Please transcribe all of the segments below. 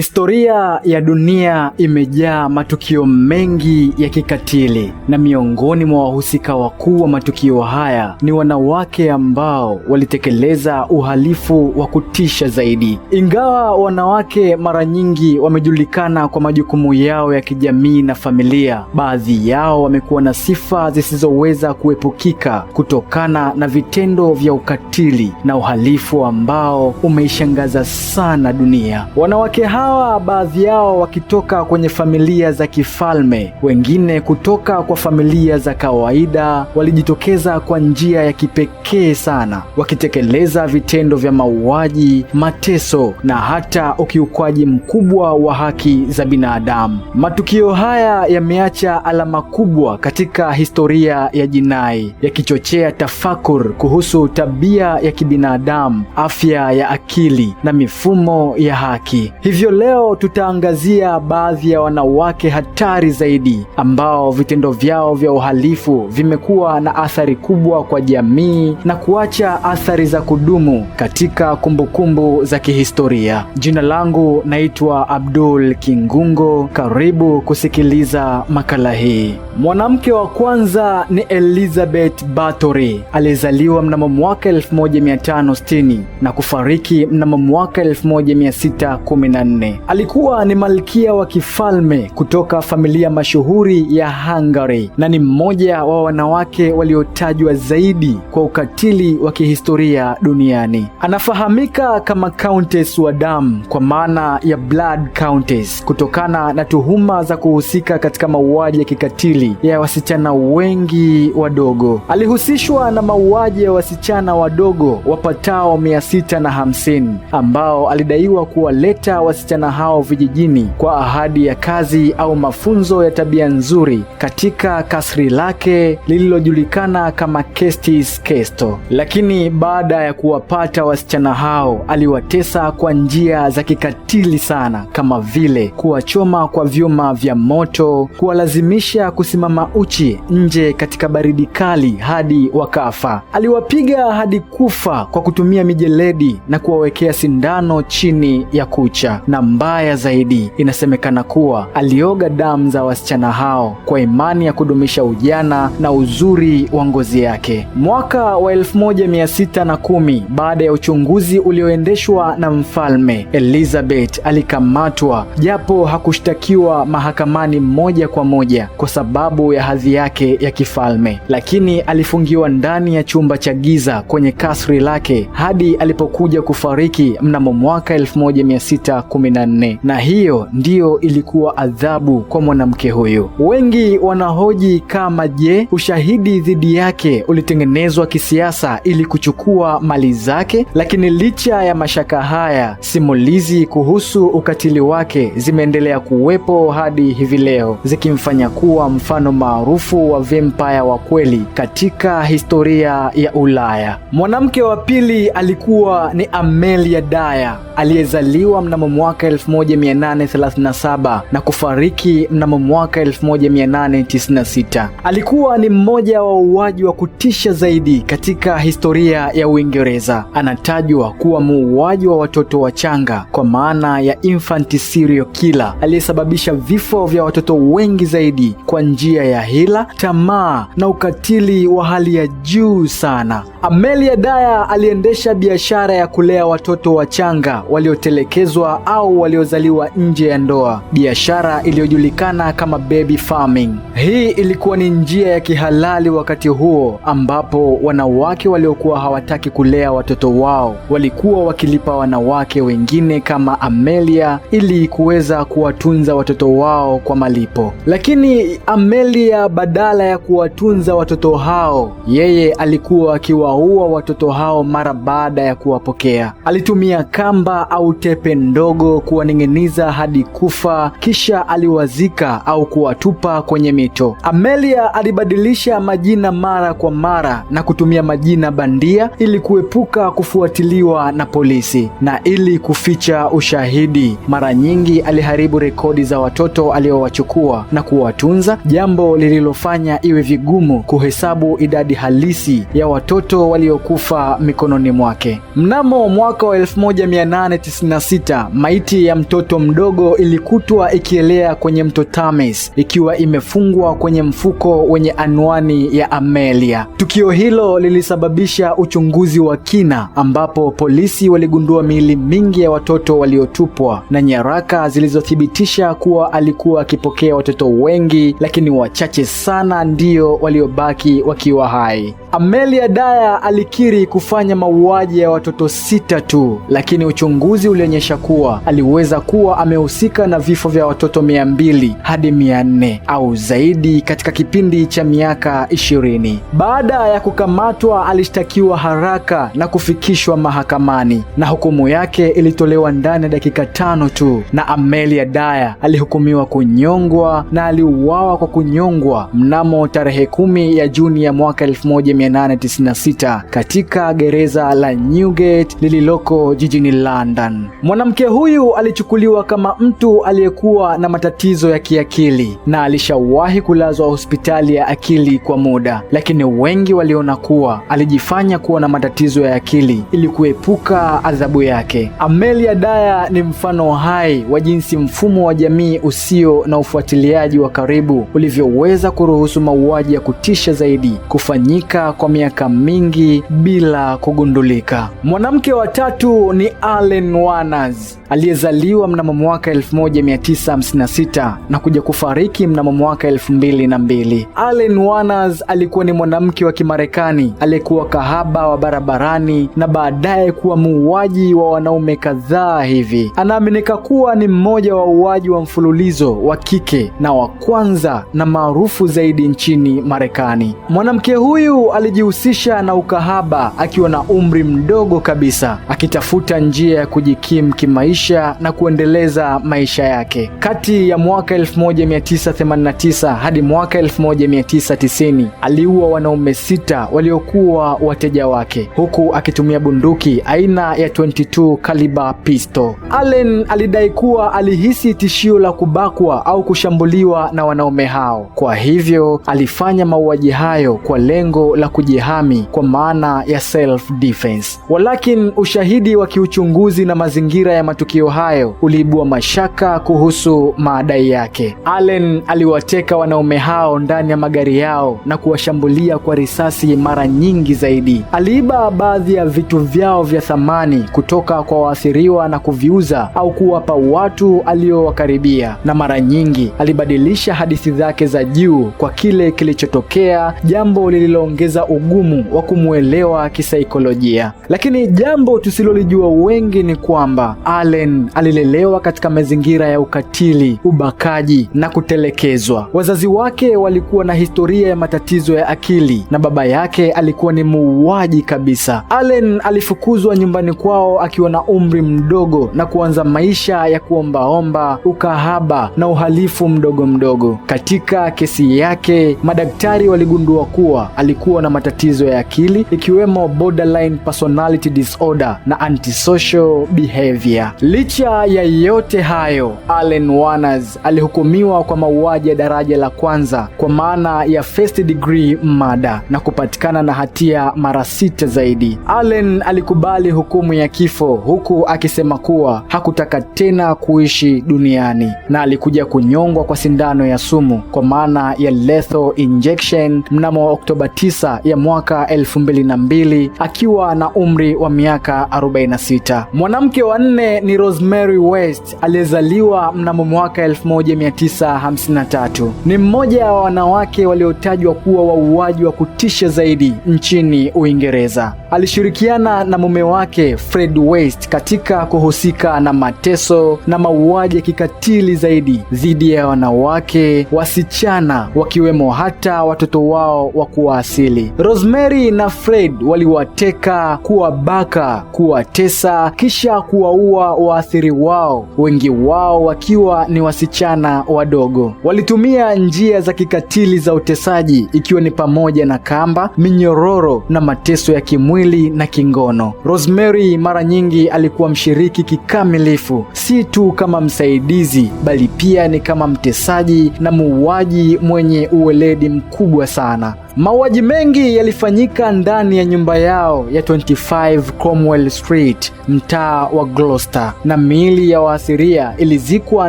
Historia ya dunia imejaa matukio mengi ya kikatili na miongoni mwa wahusika wakuu wa matukio haya ni wanawake ambao walitekeleza uhalifu wa kutisha zaidi. Ingawa wanawake mara nyingi wamejulikana kwa majukumu yao ya kijamii na familia, baadhi yao wamekuwa na sifa zisizoweza kuepukika kutokana na vitendo vya ukatili na uhalifu ambao umeishangaza sana dunia. Wanawake hao hawa baadhi yao wakitoka kwenye familia za kifalme, wengine kutoka kwa familia za kawaida, walijitokeza kwa njia ya kipekee sana, wakitekeleza vitendo vya mauaji, mateso na hata ukiukwaji mkubwa wa haki za binadamu. Matukio haya yameacha alama kubwa katika historia ya jinai, yakichochea tafakur kuhusu tabia ya kibinadamu, afya ya akili na mifumo ya haki. Hivyo leo tutaangazia baadhi ya wanawake hatari zaidi ambao vitendo vyao vya uhalifu vimekuwa na athari kubwa kwa jamii na kuacha athari za kudumu katika kumbukumbu za kihistoria. Jina langu naitwa Abdul Kingungo. Karibu kusikiliza makala hii. Mwanamke wa kwanza ni Elizabeth Bathory aliyezaliwa mnamo mwaka 1560 na kufariki mnamo mwaka 1614 nne. Alikuwa ni malkia wa kifalme kutoka familia mashuhuri ya Hungary na ni mmoja wa wanawake waliotajwa zaidi kwa ukatili wa kihistoria duniani. Anafahamika kama Countess wa damu kwa maana ya Blood Countess kutokana na tuhuma za kuhusika katika mauaji ya kikatili ya wasichana wengi wadogo. Alihusishwa na mauaji ya wasichana wadogo wapatao 650 ambao alidaiwa kuwaleta wasichana wasichana hao vijijini kwa ahadi ya kazi au mafunzo ya tabia nzuri katika kasri lake lililojulikana kama Kestis Kesto. Lakini baada ya kuwapata wasichana hao, aliwatesa kwa njia za kikatili sana, kama vile kuwachoma kwa vyuma vya moto, kuwalazimisha kusimama uchi nje katika baridi kali hadi wakafa. Aliwapiga hadi kufa kwa kutumia mijeledi na kuwawekea sindano chini ya kucha na mbaya zaidi, inasemekana kuwa alioga damu za wasichana hao kwa imani ya kudumisha ujana na uzuri wa ngozi yake. Mwaka wa 1610 baada ya uchunguzi ulioendeshwa na mfalme, Elizabeth alikamatwa japo hakushtakiwa mahakamani moja kwa moja kwa sababu ya hadhi yake ya kifalme, lakini alifungiwa ndani ya chumba cha giza kwenye kasri lake hadi alipokuja kufariki mnamo mwaka 1610 na nne na hiyo ndiyo ilikuwa adhabu kwa mwanamke huyu. Wengi wanahoji kama je, ushahidi dhidi yake ulitengenezwa kisiasa ili kuchukua mali zake? Lakini licha ya mashaka haya, simulizi kuhusu ukatili wake zimeendelea kuwepo hadi hivi leo, zikimfanya kuwa mfano maarufu wa vampire wa kweli katika historia ya Ulaya. Mwanamke wa pili alikuwa ni Amelia Dyer aliyezaliwa mnamo mwaka mwaka 1837 na kufariki mnamo mwaka 1896. Alikuwa ni mmoja wa wauaji wa kutisha zaidi katika historia ya Uingereza. Anatajwa kuwa muuaji wa watoto wachanga kwa maana ya infant serial killer aliyesababisha vifo vya watoto wengi zaidi kwa njia ya hila, tamaa na ukatili wa hali ya juu sana. Amelia Dyer aliendesha biashara ya kulea watoto wachanga waliotelekezwa au au waliozaliwa nje ya ndoa, biashara iliyojulikana kama baby farming. Hii ilikuwa ni njia ya kihalali wakati huo, ambapo wanawake waliokuwa hawataki kulea watoto wao walikuwa wakilipa wanawake wengine kama Amelia ili kuweza kuwatunza watoto wao kwa malipo. Lakini Amelia badala ya kuwatunza watoto hao, yeye alikuwa akiwaua watoto hao mara baada ya kuwapokea. Alitumia kamba au tepe ndogo kuwaning'iniza hadi kufa, kisha aliwazika au kuwatupa kwenye mito. Amelia alibadilisha majina mara kwa mara na kutumia majina bandia ili kuepuka kufuatiliwa na polisi na ili kuficha ushahidi. Mara nyingi aliharibu rekodi za watoto aliowachukua na kuwatunza, jambo lililofanya iwe vigumu kuhesabu idadi halisi ya watoto waliokufa mikononi mwake. Mnamo mwaka wa 1896 maiti Maiti ya mtoto mdogo ilikutwa ikielea kwenye mto Thames ikiwa imefungwa kwenye mfuko wenye anwani ya Amelia. Tukio hilo lilisababisha uchunguzi wa kina ambapo polisi waligundua miili mingi ya watoto waliotupwa na nyaraka zilizothibitisha kuwa alikuwa akipokea watoto wengi, lakini wachache sana ndio waliobaki wakiwa hai. Amelia Dyer alikiri kufanya mauaji ya watoto sita tu, lakini uchunguzi ulionyesha kuwa aliweza kuwa amehusika na vifo vya watoto mia mbili hadi mia nne au zaidi katika kipindi cha miaka ishirini. Baada ya kukamatwa, alishtakiwa haraka na kufikishwa mahakamani na hukumu yake ilitolewa ndani ya dakika tano tu, na Amelia Daya alihukumiwa kunyongwa na aliuawa kwa kunyongwa mnamo tarehe kumi ya Juni ya mwaka 1896 katika gereza la Newgate lililoko jijini London. Mwanamke huyu Huyu alichukuliwa kama mtu aliyekuwa na matatizo ya kiakili na alishawahi kulazwa hospitali ya akili kwa muda, lakini wengi waliona kuwa alijifanya kuwa na matatizo ya akili ili kuepuka adhabu yake. Amelia Dyer ni mfano hai wa jinsi mfumo wa jamii usio na ufuatiliaji wa karibu ulivyoweza kuruhusu mauaji ya kutisha zaidi kufanyika kwa miaka mingi bila kugundulika. Mwanamke wa tatu ni Allen Warners aliye aliyezaliwa mnamo mwaka 1956 na kuja kufariki mnamo mwaka 2002. Allen Warners alikuwa ni mwanamke wa Kimarekani aliyekuwa kahaba wa barabarani na baadaye kuwa muuaji wa wanaume kadhaa hivi. Anaaminika kuwa ni mmoja wa uuaji wa mfululizo wa kike na wa kwanza na maarufu zaidi nchini Marekani. Mwanamke huyu alijihusisha na ukahaba akiwa na umri mdogo kabisa, akitafuta njia ya kujikimu kimaisha kuimarisha na kuendeleza maisha yake. Kati ya mwaka 1989 hadi mwaka 1990 aliua wanaume sita waliokuwa wateja wake huku akitumia bunduki aina ya 22 caliber pistol. Allen alidai kuwa alihisi tishio la kubakwa au kushambuliwa na wanaume hao, kwa hivyo alifanya mauaji hayo kwa lengo la kujihami kwa maana ya self defense. Walakin ushahidi wa kiuchunguzi na mazingira ya matukio hayo uliibua mashaka kuhusu madai yake. Allen aliwateka wanaume hao ndani ya magari yao na kuwashambulia kwa risasi mara nyingi zaidi. Aliiba baadhi ya vitu vyao vya thamani kutoka kwa waathiriwa na kuviuza au kuwapa watu aliowakaribia, na mara nyingi alibadilisha hadithi zake za juu kwa kile kilichotokea, jambo lililoongeza ugumu wa kumwelewa kisaikolojia. Lakini jambo tusilolijua wengi ni kwamba Allen alilelewa katika mazingira ya ukatili, ubakaji na kutelekezwa. Wazazi wake walikuwa na historia ya matatizo ya akili na baba yake alikuwa ni muuaji kabisa. Allen alifukuzwa nyumbani kwao akiwa na umri mdogo na kuanza maisha ya kuombaomba, ukahaba na uhalifu mdogo mdogo. Katika kesi yake, madaktari waligundua kuwa alikuwa na matatizo ya akili ikiwemo borderline personality disorder na antisocial behavior. Licha ya yote hayo, Allen Warners alihukumiwa kwa mauaji ya daraja la kwanza kwa maana ya first degree murder na kupatikana na hatia mara sita zaidi. Allen alikubali hukumu ya kifo huku akisema kuwa hakutaka tena kuishi duniani na alikuja kunyongwa kwa sindano ya sumu kwa maana ya lethal injection mnamo Oktoba 9 ya mwaka 2002 akiwa na umri wa miaka 46. Mwanamke wa nne ni Rose Rosemary West aliyezaliwa mnamo mwaka 1953 ni mmoja wa wanawake waliotajwa kuwa wauaji wa kutisha zaidi nchini Uingereza alishirikiana na mume wake Fred West katika kuhusika na mateso na mauaji ya kikatili zaidi dhidi ya wanawake, wasichana, wakiwemo hata watoto wao wa kuwaasili. Rosemary na Fred waliwateka, kuwabaka, kuwatesa, kisha kuwaua waathiri wao, wengi wao wakiwa ni wasichana wadogo. Walitumia njia za kikatili za utesaji, ikiwa ni pamoja na kamba, minyororo na mateso ya kimwili mwili na kingono. Rosemary mara nyingi alikuwa mshiriki kikamilifu, si tu kama msaidizi, bali pia ni kama mtesaji na muuaji mwenye uweledi mkubwa sana. Mauaji mengi yalifanyika ndani ya nyumba yao ya 25 Cromwell Street, mtaa wa Gloucester, na miili ya waathiria ilizikwa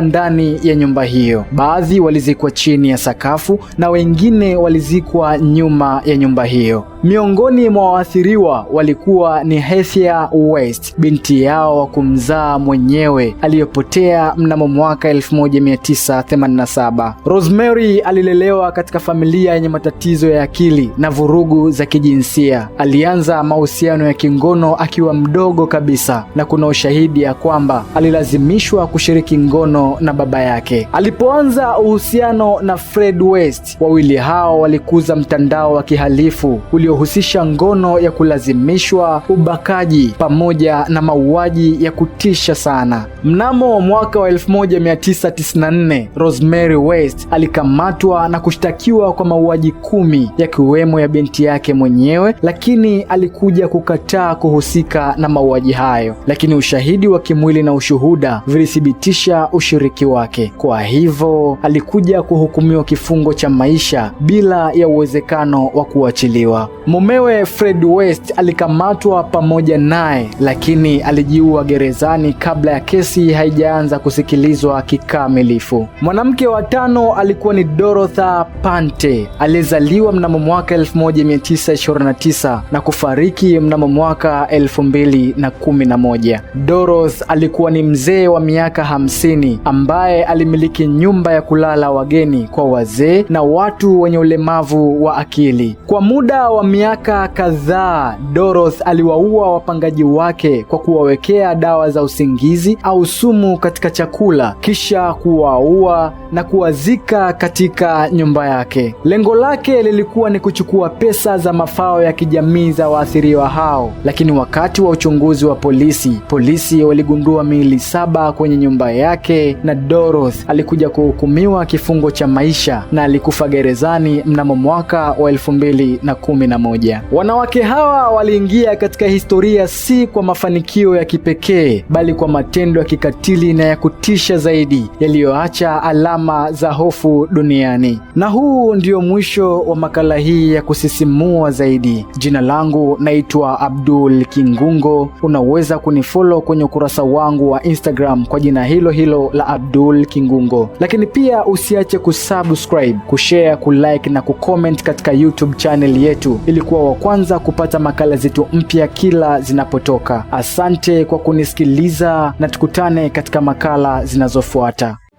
ndani ya nyumba hiyo. Baadhi walizikwa chini ya sakafu na wengine walizikwa nyuma ya nyumba hiyo. Miongoni mwa waathiriwa walikuwa ni Heather West, binti yao wa kumzaa mwenyewe aliyopotea mnamo mwaka 1987. Rosemary alilelewa katika familia yenye matatizo ya akili akili na vurugu za kijinsia. Alianza mahusiano ya kingono akiwa mdogo kabisa na kuna ushahidi ya kwamba alilazimishwa kushiriki ngono na baba yake. Alipoanza uhusiano na Fred West, wawili hao walikuza mtandao wa kihalifu uliohusisha ngono ya kulazimishwa, ubakaji pamoja na mauaji ya kutisha sana. Mnamo mwaka wa 1994, Rosemary West alikamatwa na kushtakiwa kwa mauaji kumi yakiwemo ya binti yake mwenyewe, lakini alikuja kukataa kuhusika na mauaji hayo, lakini ushahidi wa kimwili na ushuhuda vilithibitisha ushiriki wake. Kwa hivyo alikuja kuhukumiwa kifungo cha maisha bila ya uwezekano wa kuachiliwa. Mumewe Fred West alikamatwa pamoja naye, lakini alijiua gerezani kabla ya kesi haijaanza kusikilizwa kikamilifu. Mwanamke wa tano alikuwa ni Dorotha Pante aliyezaliwa mnamo mnamo mwaka 1929 na kufariki mnamo mwaka 2011. Doros alikuwa ni mzee wa miaka hamsini ambaye alimiliki nyumba ya kulala wageni kwa wazee na watu wenye ulemavu wa akili. Kwa muda wa miaka kadhaa, Doros aliwaua wapangaji wake kwa kuwawekea dawa za usingizi au sumu katika chakula kisha kuwaua na kuwazika katika nyumba yake. Lengo lake lilikuwa ilikuwa ni kuchukua pesa za mafao ya kijamii za waathiriwa hao. Lakini wakati wa uchunguzi wa polisi, polisi waligundua miili saba kwenye nyumba yake, na Doroth alikuja kuhukumiwa kifungo cha maisha na alikufa gerezani mnamo mwaka wa elfu mbili na kumi na moja. Wanawake hawa waliingia katika historia si kwa mafanikio ya kipekee, bali kwa matendo ya kikatili na ya kutisha zaidi yaliyoacha alama za hofu duniani. Na huu ndio mwisho wa makala makala hii ya kusisimua zaidi. Jina langu naitwa Abdul Kingungo. Unaweza kunifollow kwenye ukurasa wangu wa Instagram kwa jina hilo hilo la Abdul Kingungo, lakini pia usiache kusubscribe, kushare, kulike na kucomment katika YouTube channel yetu ili kuwa wa kwanza kupata makala zetu mpya kila zinapotoka. Asante kwa kunisikiliza na tukutane katika makala zinazofuata.